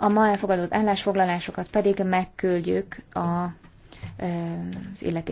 a ma elfogadott állásfoglalásokat pedig megküldjük a, az illetékes